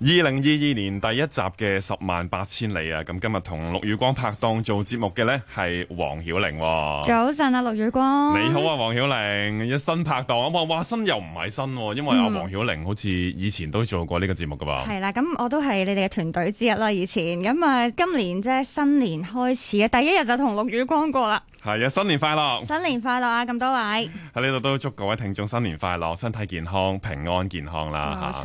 二零二二年第一集嘅十萬八千里啊！咁今日同陸雨光拍檔做節目嘅咧係黃曉玲。早晨啊，陸雨光。你好啊，黃曉玲。一新拍檔，哇哇新又唔係新，因為阿黃曉玲好似以前都做過呢個節目噶吧？係啦，咁我都係你哋嘅團隊之一啦。以前咁啊，今年即係新年開始啊，第一日就同陸雨光過啦。係啊，新年快樂！新年快樂啊，咁多位喺呢度都祝各位聽眾新年快樂，身體健康，平安健康啦吓。冇錯。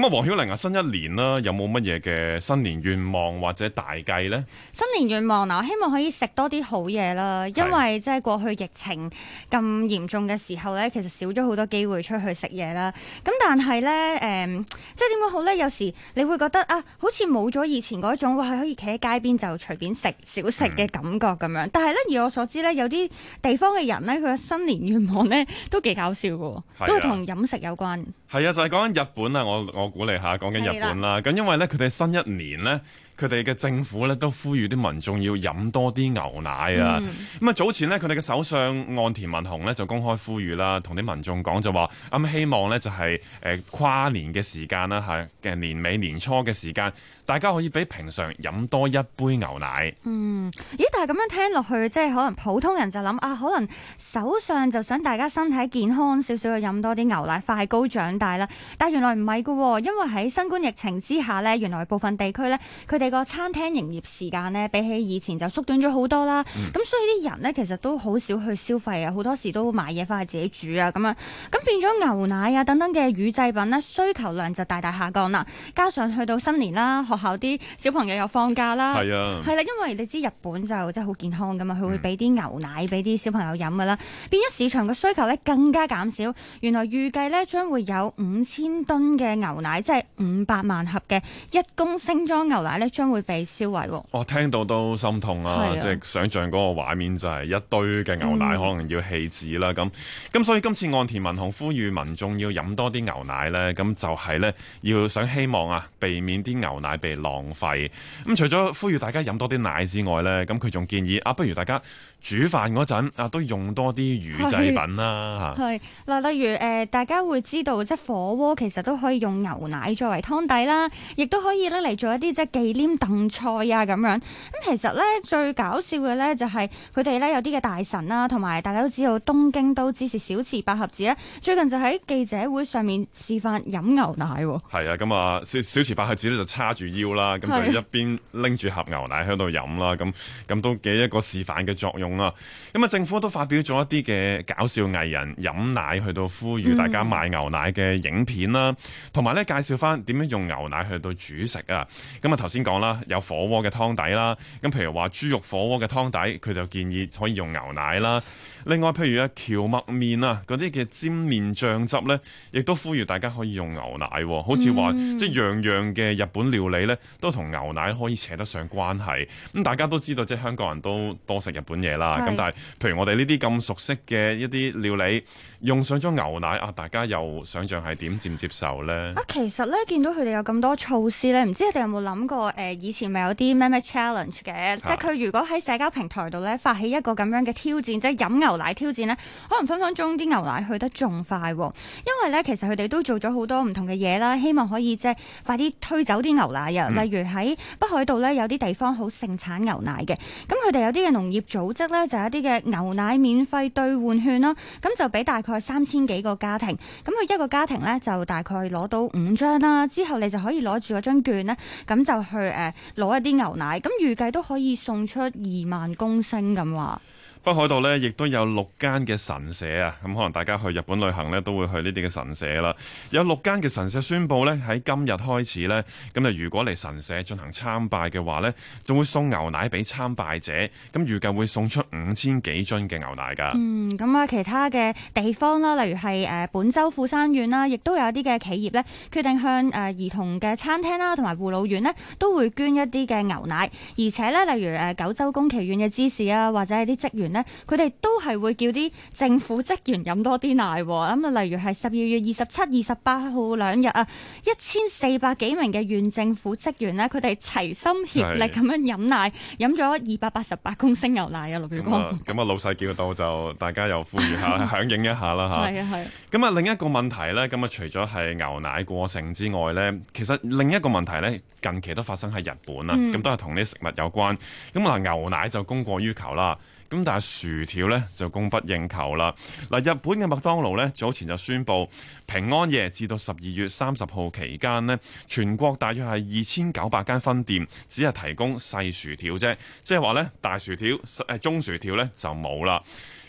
咁啊，黃曉玲啊，新一年啦，有冇乜嘢嘅新年願望或者大計呢？新年願望啊，我希望可以食多啲好嘢啦，因為即係過去疫情咁嚴重嘅時候咧，其實少咗好多機會出去食嘢啦。咁但係咧，誒、嗯，即係點講好咧？有時你會覺得啊，好似冇咗以前嗰種哇，可以企喺街邊就隨便食小食嘅感覺咁樣、嗯。但係咧，如果……所知咧，有啲地方嘅人咧，佢嘅新年願望咧都幾搞笑嘅、啊，都係同飲食有關。係啊，就係講緊日本啊！我我估你下，講緊日本啦。咁因為咧，佢哋新一年咧，佢哋嘅政府咧都呼籲啲民眾要飲多啲牛奶啊！咁、嗯、啊，早前咧，佢哋嘅首相岸田文雄咧就公開呼籲啦，同啲民眾講就話：，咁、嗯、希望咧就係、是、誒、呃、跨年嘅時間啦，嚇嘅年尾年初嘅時間。大家可以比平常飲多一杯牛奶。嗯，咦？但係咁樣聽落去，即係可能普通人就諗啊，可能首相就想大家身體健康少少，去飲多啲牛奶，快高長大啦。但係原來唔係噶，因為喺新冠疫情之下呢，原來部分地區呢，佢哋個餐廳營業時間呢，比起以前就縮短咗好多啦。咁、嗯、所以啲人呢，其實都好少去消費啊，好多時都買嘢翻去自己煮啊咁樣。咁變咗牛奶啊等等嘅乳製品呢，需求量就大大下降啦。加上去到新年啦。學校啲小朋友又放假啦，係啊，係啦、啊，因為你知日本就真係好健康噶嘛，佢會俾啲牛奶俾啲小朋友飲噶啦，變咗市場嘅需求咧，更加減少，原來預計咧將會有五千噸嘅牛奶，即係五百萬盒嘅一公升裝牛奶咧，將會被燒毀喎。我、哦、聽到都心痛啊，即係、啊就是、想像嗰個畫面就係一堆嘅牛奶可能要棄置啦咁，咁、嗯、所以今次岸田文雄呼籲民眾要飲多啲牛奶咧，咁就係咧要想希望啊，避免啲牛奶。被浪費咁，除咗呼籲大家飲多啲奶之外呢，咁佢仲建議啊，不如大家煮飯嗰陣啊，都用多啲乳製品啦嚇。係嗱，例如、呃、大家會知道即係火鍋其實都可以用牛奶作為湯底啦，亦都可以嚟做一啲即係忌廉燉菜啊咁樣。咁其實呢，最搞笑嘅呢就係佢哋呢有啲嘅大臣啦，同埋大家都知道東京都知事小池百合子最近就喺記者會上面示範飲牛奶喎。係啊，咁啊小，小池百合子呢就叉住。要啦，咁就一邊拎住盒牛奶喺度飲啦，咁咁都幾一個示範嘅作用啦。咁啊，政府都發表咗一啲嘅搞笑藝人飲奶去到呼籲大家買牛奶嘅影片啦，同埋咧介紹返點樣用牛奶去到煮食啊。咁啊頭先講啦，有火鍋嘅湯底啦，咁譬如話豬肉火鍋嘅湯底，佢就建議可以用牛奶啦。另外，譬如麥麵啊，蕎麥麵啊，嗰啲嘅煎麵醬汁呢，亦都呼籲大家可以用牛奶啊，好似話，嗯，即係樣樣嘅日本料理呢，都同牛奶可以扯得上關係。咁大家都知道，即係香港人都多食日本嘢啦。咁但係，譬如我哋呢啲咁熟悉嘅一啲料理。用上咗牛奶啊！大家又想像係點接唔接受呢？啊，其實咧見到佢哋有咁多措施咧，唔知佢哋有冇諗過誒、呃？以前咪有啲咩咩 challenge 嘅，即係佢如果喺社交平台度咧發起一個咁樣嘅挑戰，即係飲牛奶挑戰呢，可能分分鐘啲牛奶去得仲快喎、哦。因為咧，其實佢哋都做咗好多唔同嘅嘢啦，希望可以即係快啲推走啲牛奶啊、嗯。例如喺北海道咧，有啲地方好盛產牛奶嘅，咁佢哋有啲嘅農業組織咧，就有一啲嘅牛奶免費兌換券啦，咁就俾大，三千幾個家庭，咁佢一個家庭咧就大概攞到五張啦，之後你就可以攞住嗰張券咧，咁就去誒攞、呃、一啲牛奶，咁預計都可以送出二萬公升咁話。北海道呢亦都有六間嘅神社啊。咁可能大家去日本旅行咧，都會去呢啲嘅神社啦。有六間嘅神社宣布咧，喺今日開始咧，咁啊，如果嚟神社進行參拜嘅話咧，就會送牛奶俾參拜者。咁預計會送出五千幾樽嘅牛奶噶。嗯，咁啊，其他嘅地方啦，例如係誒本州富山縣啦，亦都有一啲嘅企業咧，決定向誒兒童嘅餐廳啦，同埋護老院咧，都會捐一啲嘅牛奶。而且咧，例如誒九州宮崎縣嘅芝士啊，或者係啲職員。佢哋都係會叫啲政府職員飲多啲奶。咁啊，例如係十二月二十七、二十八號兩日啊，一千四百幾名嘅縣政府職員呢，佢哋齊心協力咁樣飲奶，飲咗二百八十八公升牛奶啊。咁啊，老細叫到就大家又呼籲下， 響應一下啦吓。係啊係。咁啊，另一個問題呢，咁啊，除咗係牛奶過剩之外呢，其實另一個問題呢，近期都發生喺日本啦。咁、嗯、都係同啲食物有關。咁啊，牛奶就供過於求啦。咁但係薯條呢就供不應求啦。嗱，日本嘅麥當勞呢早前就宣布，平安夜至到十二月三十號期間呢，全國大約係二千九百間分店只係提供細薯條啫，即係話呢，大薯條誒中薯條呢就冇啦。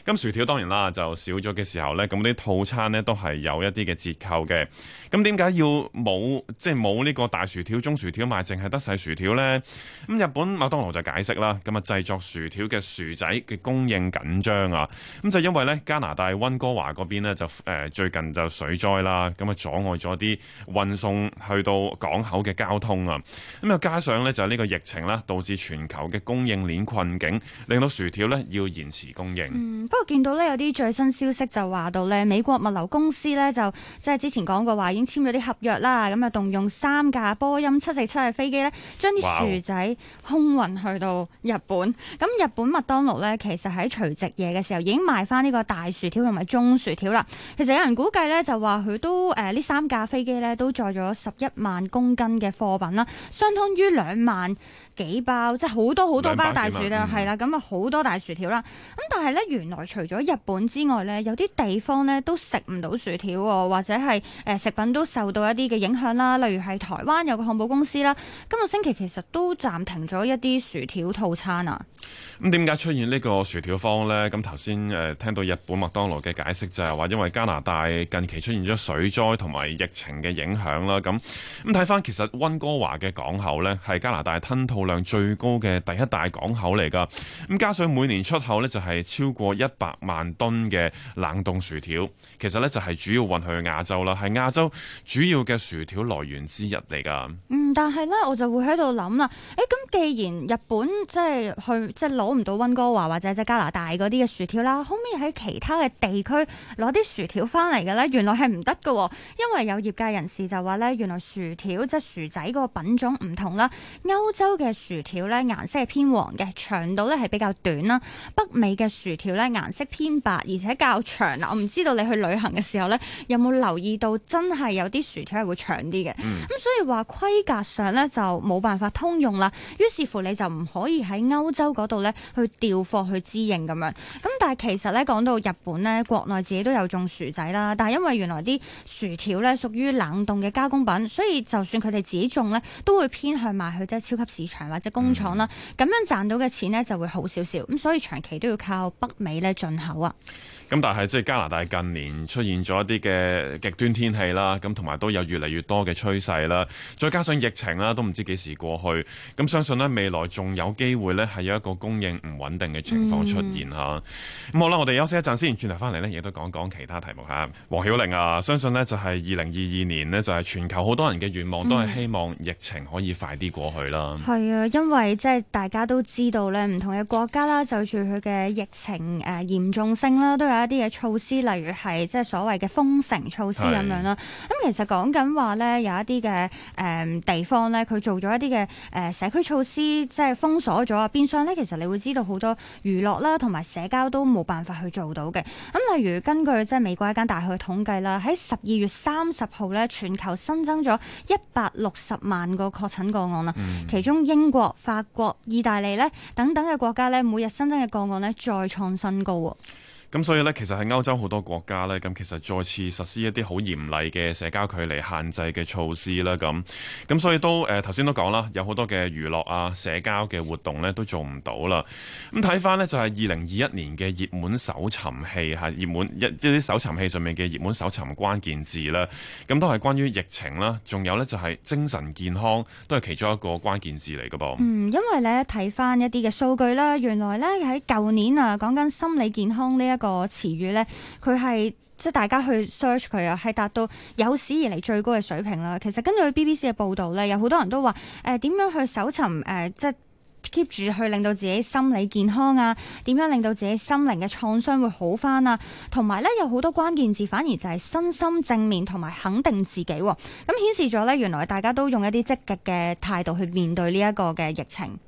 咁薯條當然啦，就少咗嘅時候呢，咁啲套餐呢都係有一啲嘅折扣嘅。咁點解要冇即係冇呢個大薯條、中薯條賣，淨係得細薯條呢？咁日本麥當勞就解釋啦，咁啊製作薯條嘅薯仔嘅供應緊張啊。咁就因為呢加拿大溫哥華嗰邊呢，就、呃、最近就水災啦，咁啊阻礙咗啲運送去到港口嘅交通啊。咁啊加上呢，就係呢個疫情啦，導致全球嘅供應鏈困境，令到薯條呢要延遲供應。嗯不過見到咧有啲最新消息就話到咧，美國物流公司咧就即係之前講過話已經簽咗啲合約啦，咁啊動用三架波音七四七嘅飛機咧，將啲薯仔空運去到日本。咁、wow、日本麥當勞咧，其實喺除夕夜嘅時候已經賣翻呢個大薯條同埋中薯條啦。其實有人估計咧就話佢都誒呢、呃、三架飛機咧都載咗十一萬公斤嘅貨品啦，相當於兩萬。幾包即係好多好多包大薯條係啦，咁啊好、嗯、多大薯條啦。咁但係咧，原來除咗日本之外咧，有啲地方咧都食唔到薯條，或者係誒食品都受到一啲嘅影響啦。例如係台灣有個漢堡公司啦，今個星期其實都暫停咗一啲薯條套餐啊。咁點解出現呢個薯條荒咧？咁頭先誒聽到日本麥當勞嘅解釋就係話，因為加拿大近期出現咗水災同埋疫情嘅影響啦。咁咁睇翻其實溫哥華嘅港口咧，係加拿大吞吐。量最高嘅第一大港口嚟噶，咁加上每年出口咧就係超過一百萬噸嘅冷凍薯條，其實咧就係主要運去亞洲啦，係亞洲主要嘅薯條來源之一嚟噶。嗯，但係咧我就會喺度諗啦，誒、欸，咁既然日本即係去即係攞唔到溫哥華或者即係加拿大嗰啲嘅薯條啦，可唔可以喺其他嘅地區攞啲薯條翻嚟嘅咧？原來係唔得噶，因為有業界人士就話咧，原來薯條即係薯仔個品種唔同啦，歐洲嘅。薯條咧顏色係偏黃嘅，長度咧係比較短啦。北美嘅薯條咧顏色偏白，而且較長啦。我唔知道你去旅行嘅時候咧，有冇留意到真係有啲薯條係會長啲嘅。咁、嗯嗯、所以話規格上咧就冇辦法通用啦。於是乎你就唔可以喺歐洲嗰度咧去調貨去支援咁樣。咁、嗯、但係其實咧講到日本咧，國內自己都有種薯仔啦。但係因為原來啲薯條咧屬於冷凍嘅加工品，所以就算佢哋自己種咧，都會偏向賣去即係超級市場。或者工廠啦，咁樣賺到嘅錢呢就會好少少，咁所以長期都要靠北美咧進口啊。咁但係即係加拿大近年出現咗一啲嘅極端天氣啦，咁同埋都有越嚟越多嘅趨勢啦，再加上疫情啦，都唔知幾時過去，咁相信呢，未來仲有機會呢，係有一個供應唔穩定嘅情況出現嚇。咁、嗯、好啦，我哋休息一陣先，轉頭翻嚟呢，亦都講講其他題目嚇。黃曉玲啊，相信呢，就係二零二二年呢，就係全球好多人嘅願望都係希望疫情可以快啲過去啦。嗯因為即係大家都知道咧，唔同嘅國家啦，就住佢嘅疫情誒嚴重性啦，都有一啲嘅措施，例如係即係所謂嘅封城措施咁樣啦。咁其實講緊話咧，有一啲嘅誒地方咧，佢做咗一啲嘅誒社區措施，即係封鎖咗啊，變相咧，其實你會知道好多娛樂啦，同埋社交都冇辦法去做到嘅。咁例如根據即係美國一間大學嘅統計啦，喺十二月三十號咧，全球新增咗一百六十萬個確診個案啦，嗯，其中英英國、法國、意大利咧等等嘅國家咧，每日新增嘅個案咧再創新高。咁所以呢，其實喺歐洲好多國家呢，咁其實再次實施一啲好嚴厲嘅社交距離限制嘅措施啦，咁咁所以都誒頭先都講啦，有好多嘅娛樂啊、社交嘅活動呢都做唔到啦。咁睇翻呢，就係二零二一年嘅熱門搜尋器係熱門一一啲、就是、搜尋器上面嘅熱門搜尋關鍵字啦，咁都係關於疫情啦，仲有呢，就係、是、精神健康都係其中一個關鍵字嚟嘅噃。嗯，因為呢，睇翻一啲嘅數據啦，原來呢，喺舊年啊講緊心理健康呢一。那個詞語呢，佢係即係大家去 search 佢啊，係達到有史以嚟，最高嘅水平啦。其實根據 BBC 嘅報道呢，有好多人都話誒、點、呃、樣去搜尋誒、呃，即係 keep 住去令到自己心理健康啊，點樣令到自己心靈嘅創傷會好翻啊，同埋呢，有好多關鍵字反而就係身心正面同埋肯定自己，啊，咁顯示咗呢，原來大家都用一啲積極嘅態度去面對呢一個嘅疫情。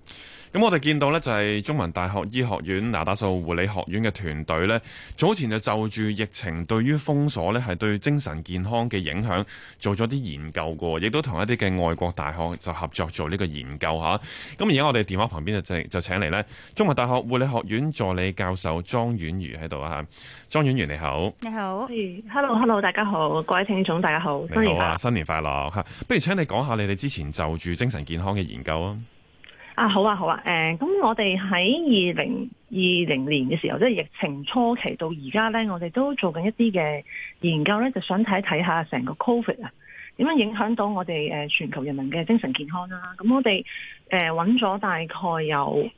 咁、嗯、我哋見到呢，就係、是、中文大學醫學院那打素護理學院嘅團隊呢，早前就就住疫情對於封鎖呢係對精神健康嘅影響做咗啲研究噶，亦都同一啲嘅外國大學就合作做呢個研究吓。咁而家我哋電話旁邊就就請嚟呢，中文大學護理學院助理教授莊婉瑜喺度啊，莊婉瑜你好，你好，Hello Hello，大家好，各位聽眾大家好，你好啊，新年快樂吓，不如請你講下你哋之前就住精神健康嘅研究啊。啊好啊好啊，誒、啊、咁、呃、我哋喺二零二零年嘅時候，即係疫情初期到而家咧，我哋都做緊一啲嘅研究咧，就想睇一睇下成個 Covid 啊，點樣影響到我哋誒、呃、全球人民嘅精神健康啦、啊。咁我哋誒揾咗大概有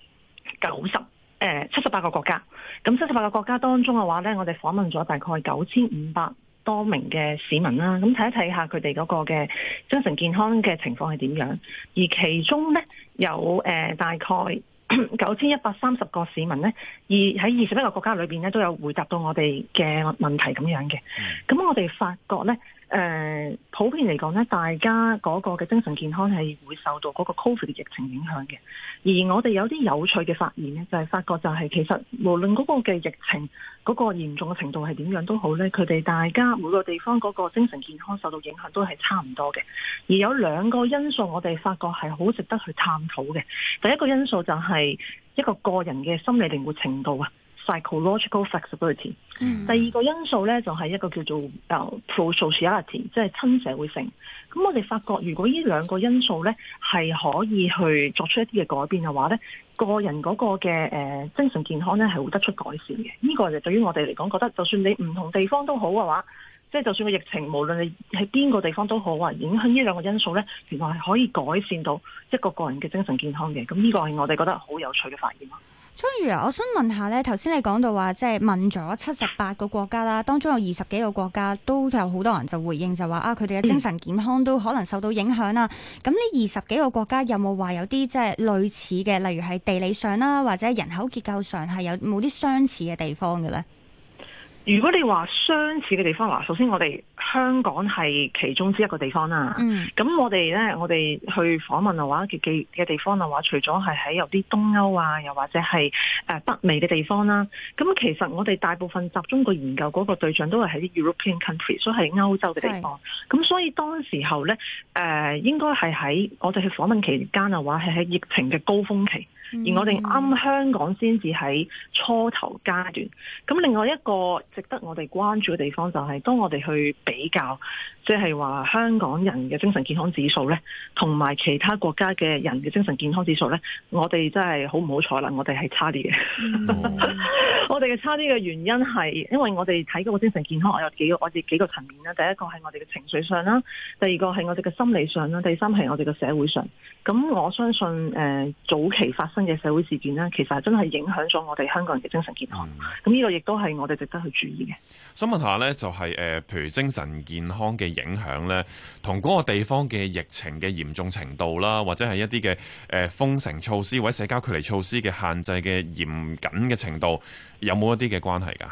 九十誒七十八個國家，咁七十八個國家當中嘅話咧，我哋訪問咗大概九千五百。多名嘅市民啦，咁睇一睇下佢哋嗰個嘅精神健康嘅情況係點樣。而其中呢，有誒大概九千一百三十個市民呢，而喺二十一個國家裏邊呢，都有回答到我哋嘅問題。咁樣嘅。咁我哋發覺呢。誒、嗯，普遍嚟講呢，大家嗰個嘅精神健康係會受到嗰個 COVID 疫情影響嘅。而我哋有啲有趣嘅發現呢，就係、是、發覺就係其實無論嗰個嘅疫情嗰、嗰個嚴重嘅程度係點樣都好呢，佢哋大家每個地方嗰個精神健康受到影響都係差唔多嘅。而有兩個因素我哋發覺係好值得去探討嘅。第一個因素就係一個個人嘅心理靈活程度啊。psychological flexibility，、嗯、第二個因素咧就係、是、一個叫做、uh, prosociality，即係親社會性。咁我哋發覺，如果呢兩個因素咧係可以去作出一啲嘅改變嘅話咧，個人嗰個嘅、呃、精神健康咧係會得出改善嘅。呢、這個就對於我哋嚟講，覺得就算你唔同地方都好嘅話，即、就、係、是、就算個疫情無論你喺邊個地方都好啊，影響呢兩個因素咧，原來係可以改善到一個個人嘅精神健康嘅。咁呢個係我哋覺得好有趣嘅發現咯。張如啊，我想問下咧，頭先你講到話，即係問咗七十八個國家啦，當中有二十幾個國家都有好多人就回應，就話啊，佢哋嘅精神健康都可能受到影響啦。咁呢二十幾個國家有冇話有啲即係類似嘅，例如係地理上啦，或者人口結構上係有冇啲相似嘅地方嘅咧？如果你話相似嘅地方嗱，首先我哋香港係其中之一個地方啦。嗯，咁我哋咧，我哋去訪問嘅話嘅嘅嘅地方啊，話除咗係喺有啲東歐啊，又或者係、呃、北美嘅地方啦。咁其實我哋大部分集中個研究嗰個對象都係喺啲 European country，所以係歐洲嘅地方。咁所以當時候咧，誒、呃、應該係喺我哋去訪問期間啊，話係喺疫情嘅高峰期。而我哋啱香港先至喺初頭階段，咁另外一個值得我哋關注嘅地方就係，當我哋去比較，即係話香港人嘅精神健康指數咧，同埋其他國家嘅人嘅精神健康指數咧，我哋真係好唔好彩啦，我哋係差啲嘅。嗯、 我哋嘅差啲嘅原因係，因為我哋睇嗰個精神健康，我有幾個我哋幾個層面啦。第一個係我哋嘅情緒上啦，第二個係我哋嘅心理上啦，第三係我哋嘅社會上。咁我相信誒、呃，早期發生新嘅社會事件咧，其實真係影響咗我哋香港人嘅精神健康。咁、嗯、呢、呢個亦都係我哋值得去注意嘅。想問下呢，就係、是、誒、呃，譬如精神健康嘅影響呢，同嗰個地方嘅疫情嘅嚴重程度啦，或者係一啲嘅誒封城措施或者社交距離措施嘅限制嘅嚴謹嘅程度，有冇一啲嘅關係㗎？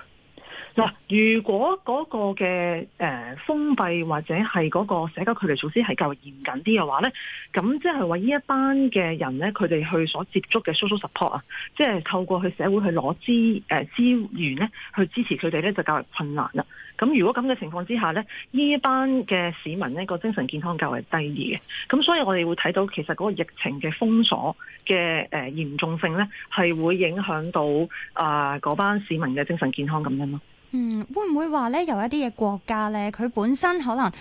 嗱，如果嗰個嘅誒、呃、封閉或者係嗰個社交距離措施係較為嚴謹啲嘅話咧，咁即係話呢一班嘅人咧，佢哋去所接觸嘅 social support 啊，即係透過去社會去攞資誒、呃、資源咧，去支持佢哋咧，就較為困難啦。咁如果咁嘅情況之下咧，呢一班嘅市民呢個精神健康較為低啲嘅。咁所以我哋會睇到其實嗰個疫情嘅封鎖嘅誒嚴重性咧，係會影響到啊嗰、呃、班市民嘅精神健康咁樣咯。嗯，會唔會話咧，有一啲嘅國家咧，佢本身可能誒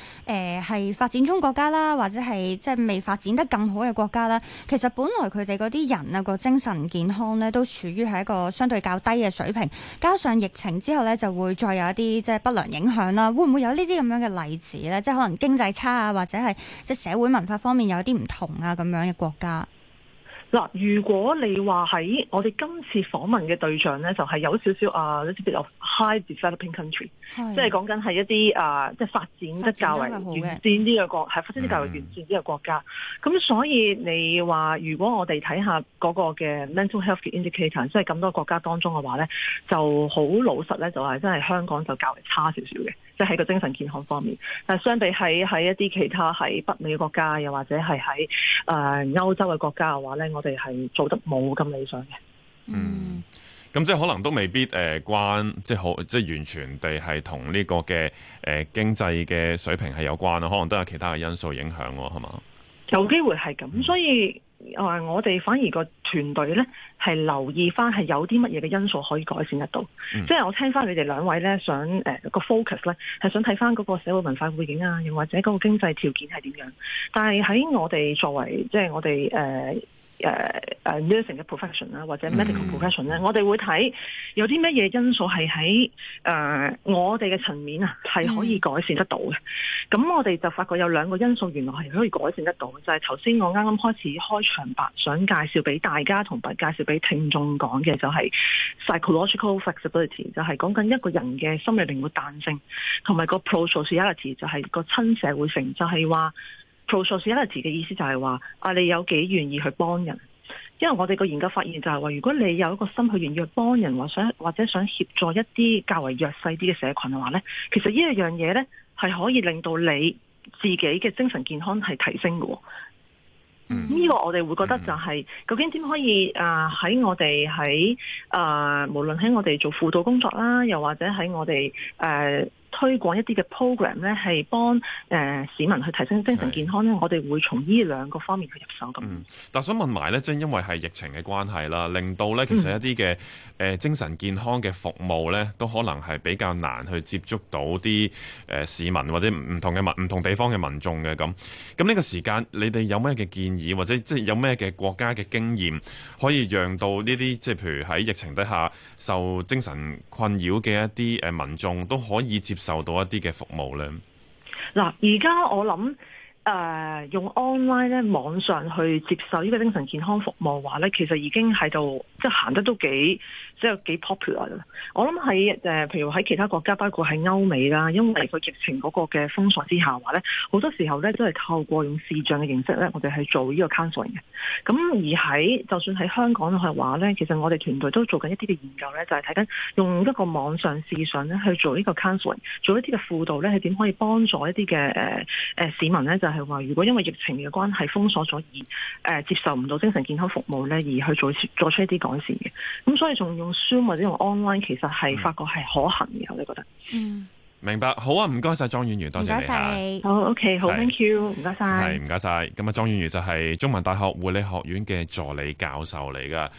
係、呃、發展中國家啦，或者係即係未發展得咁好嘅國家咧，其實本來佢哋嗰啲人啊個精神健康咧都處於係一個相對較低嘅水平，加上疫情之後咧就會再有一啲即係不良。影響啦，會唔會有呢啲咁樣嘅例子咧？即係可能經濟差啊，或者係即社會文化方面有啲唔同啊，咁樣嘅國家。嗱，如果你話喺我哋今次訪問嘅對象咧，就係、是、有少少啊一啲比較 high developing country，即係講緊係一啲啊、uh, 即係發展得較為完善啲嘅國係發展得較為完善啲嘅國、嗯、國家。咁所以你話如果我哋睇下嗰個嘅 mental health indicator，即係咁多國家當中嘅話咧，就好老實咧，就係真係香港就較為差少少嘅。即係個精神健康方面，但係相比喺喺一啲其他喺北美國家，又或者係喺誒歐洲嘅國家嘅話咧，我哋係做得冇咁理想嘅。嗯，咁即係可能都未必誒、呃、關，即係好即係完全地係同呢個嘅誒、呃、經濟嘅水平係有關咯，可能都有其他嘅因素影響係嘛？有機會係咁，所以。呃、我哋反而個團隊呢，係留意翻係有啲乜嘢嘅因素可以改善得到。嗯、即係我聽翻你哋兩位呢，想誒、呃嗰個 focus 呢，係想睇翻嗰個社會文化背景啊，又或者嗰個經濟條件係點樣？但係喺我哋作為，即係我哋誒。呃 Uh, uh, nursing 嘅 profession 啦，或者 medical profession 咧、mm.，我哋會睇有啲乜嘢因素係喺誒我哋嘅層面啊，係可以改善得到嘅。咁、mm. 我哋就發覺有兩個因素原來係可以改善得到嘅，就係頭先我啱啱開始開場白想介紹俾大家同埋介紹俾聽眾講嘅，就係 psychological flexibility，就係講緊一個人嘅心理定會彈性，同埋個 prosociality 就係個親社會性，就係話。做善事一類詞嘅意思就係話啊，你有幾願意去幫人？因為我哋個研究發現就係話，如果你有一個心去願意去幫人，或想或者想協助一啲較為弱勢啲嘅社群嘅話呢，其實呢一樣嘢呢係可以令到你自己嘅精神健康係提升嘅。嗯，呢、這個我哋會覺得就係、是、究竟點可以啊？喺、呃、我哋喺啊，無論喺我哋做輔導工作啦，又或者喺我哋誒。呃推廣一啲嘅 program 咧，係幫誒市民去提升精神健康咧。我哋會從呢兩個方面去入手。咁、嗯，但係想問埋咧，即係因為係疫情嘅關係啦，令到咧其實一啲嘅誒精神健康嘅服務咧、嗯，都可能係比較難去接觸到啲誒市民或者唔唔同嘅民唔同地方嘅民眾嘅咁。咁呢個時間，你哋有咩嘅建議，或者即係有咩嘅國家嘅經驗，可以讓到呢啲即係譬如喺疫情底下受精神困擾嘅一啲誒民眾都可以接。受到一啲嘅服務咧，嗱，而家我諗。誒、呃、用 online 咧網上去接受呢個精神健康服務嘅話咧，其實已經喺度，即係行得都幾即係幾 popular 啦。我諗喺誒譬如喺其他國家，包括喺歐美啦，因為佢疫情嗰個嘅封鎖之下話咧，好多時候咧都係透過用視像嘅形式咧，我哋去做呢個 counseling 嘅。咁而喺就算喺香港嘅話咧，其實我哋團隊都做緊一啲嘅研究咧，就係睇緊用一個網上視訊咧去做呢個 counseling，做一啲嘅輔導咧，係點可以幫助一啲嘅、呃、市民咧就。係、就、話、是、如果因為疫情嘅關係封鎖咗，而誒、呃、接受唔到精神健康服務咧，而去做做出一啲改善嘅，咁、嗯、所以仲用 Zoom 或者用 online，其實係發覺係可行嘅，我都覺得。嗯，明白。好啊，唔該晒莊婉瑜，多謝，謝，、啊、謝，謝你。唔該晒，好 OK，好，Thank you，唔該晒。係唔該晒。咁啊，莊婉瑜就係中文大學護理學院嘅助理教授嚟噶。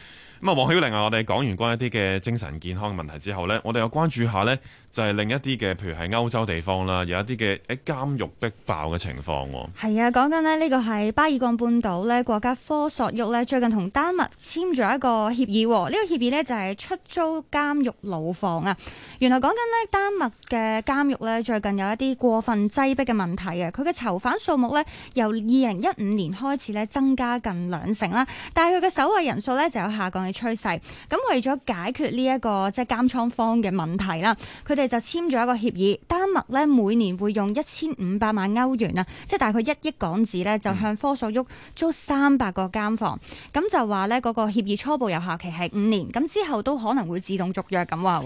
咁啊，黃曉玲啊，我哋講完關於一啲嘅精神健康嘅問題之後咧，我哋又關注一下咧。就係、是、另一啲嘅，譬如喺歐洲地方啦，有一啲嘅喺監獄逼爆嘅情況喎。係啊，講緊咧呢個係巴爾幹半島呢國家科索沃呢，最近同丹麥簽咗一個協議，呢、這個協議呢，就係出租監獄牢房啊。原來講緊呢，丹麥嘅監獄呢，最近有一啲過分擠迫嘅問題啊，佢嘅囚犯數目呢，由二零一五年開始呢，增加近兩成啦，但係佢嘅守衞人數呢，就有下降嘅趨勢。咁為咗解決呢、這、一個即係、就是、監倉方嘅問題啦，佢哋。就簽咗一個協議，丹麥咧每年會用一千五百萬歐元啊，即係大概一億港紙咧，就向科索沃租三百個間房，咁、嗯、就話咧個協議初步有效期係五年，咁之後都可能會自動續約咁話。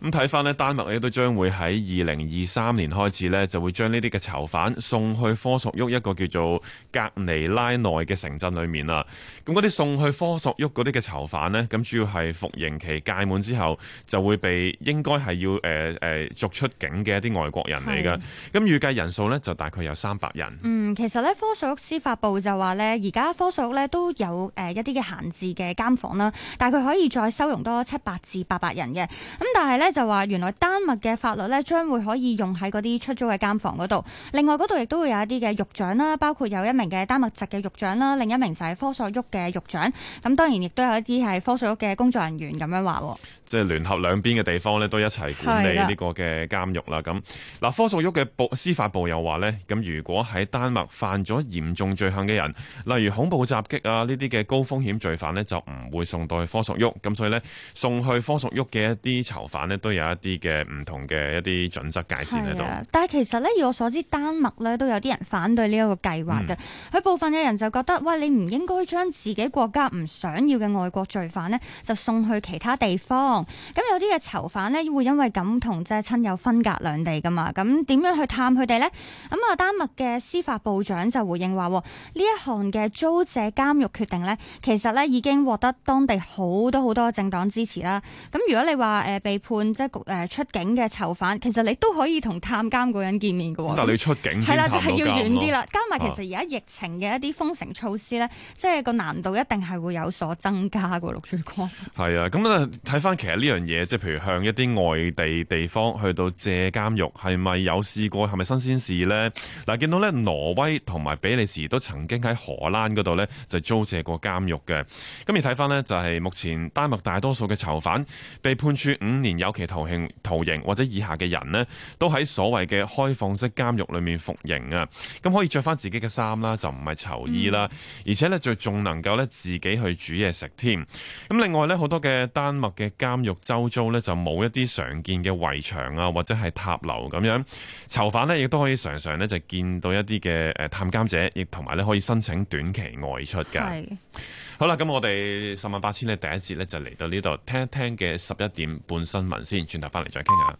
咁睇翻呢，丹麥呢都將會喺二零二三年開始呢，就會將呢啲嘅囚犯送去科索沃一個叫做格尼拉內嘅城鎮裏面啦。咁嗰啲送去科索沃嗰啲嘅囚犯呢，咁主要係服刑期屆滿之後就會被應該係要誒、呃、逐出境嘅一啲外國人嚟㗎。咁預計人數呢，就大概有三百人。嗯，其實呢，科索沃司法部就話呢，而家科索沃都有一啲嘅閒置嘅監房啦，但係佢可以再收容多七百至八百人嘅。咁但係呢即係就話，原來丹麥嘅法律咧，將會可以用喺嗰啲出租嘅監房嗰度。另外嗰度亦都會有一啲嘅獄長啦，包括有一名嘅丹麥籍嘅獄長啦，另一名就係科索沃嘅獄長。咁當然亦都有一啲係科索沃嘅工作人員，咁樣話。即係聯合兩邊嘅地方咧，都一齊管理呢個嘅監獄啦。咁嗱，科索沃嘅部司法部又話呢，咁如果喺丹麥犯咗嚴重罪行嘅人，例如恐怖襲擊啊呢啲嘅高風險罪犯呢，就唔會送到去科索沃。咁所以呢，送去科索沃嘅一啲囚犯咧。都有一啲嘅唔同嘅一啲準則界線喺度、啊。但係其實咧，以我所知，丹麥咧都有啲人反對呢一個計劃嘅。佢、嗯、部分嘅人就覺得，喂，你唔應該將自己國家唔想要嘅外國罪犯咧，就送去其他地方。咁有啲嘅囚犯咧，會因為咁同即係親友分隔兩地噶嘛。咁點樣去探佢哋咧？咁啊，丹麥嘅司法部長就回應話：「呢一項嘅租借監獄決定咧，其實咧已經獲得當地好多好多政黨支持啦。」咁如果你話誒、呃、被判即係出境嘅囚犯，其實你都可以同探監嗰人見面嘅喎。但你出境先探到監咯。係啦，係、就係、要遠啲啦。加埋其實而家疫情嘅一啲封城措施咧、啊，即係個難度一定係會有所增加嘅喎，陸樹光。係啊，咁啊睇翻其實呢樣嘢，即係譬如向一啲外地地方去到借監獄，係咪有試過係咪新鮮事呢？嗱，見到呢挪威同埋比利時都曾經喺荷蘭嗰度呢，就租借過監獄嘅。咁而睇翻呢，就係目前丹麥大多數嘅囚犯被判處五年有其徒刑、徒刑或者以下嘅人呢，都喺所謂嘅開放式監獄裏面服刑啊。咁可以着翻自己嘅衫啦，就唔係囚衣啦，嗯。而且呢，就仲能夠呢自己去煮嘢食添。咁另外呢，好多嘅丹麥嘅監獄周遭呢，就冇一啲常見嘅圍牆啊，或者係塔樓咁樣。囚犯呢，亦都可以常常呢，就見到一啲嘅誒探監者，亦同埋呢可以申請短期外出嘅。好啦，咁我哋十萬八千呢，第一節呢，就嚟到呢度聽一聽嘅十一點半新聞。先轉頭翻嚟再傾下。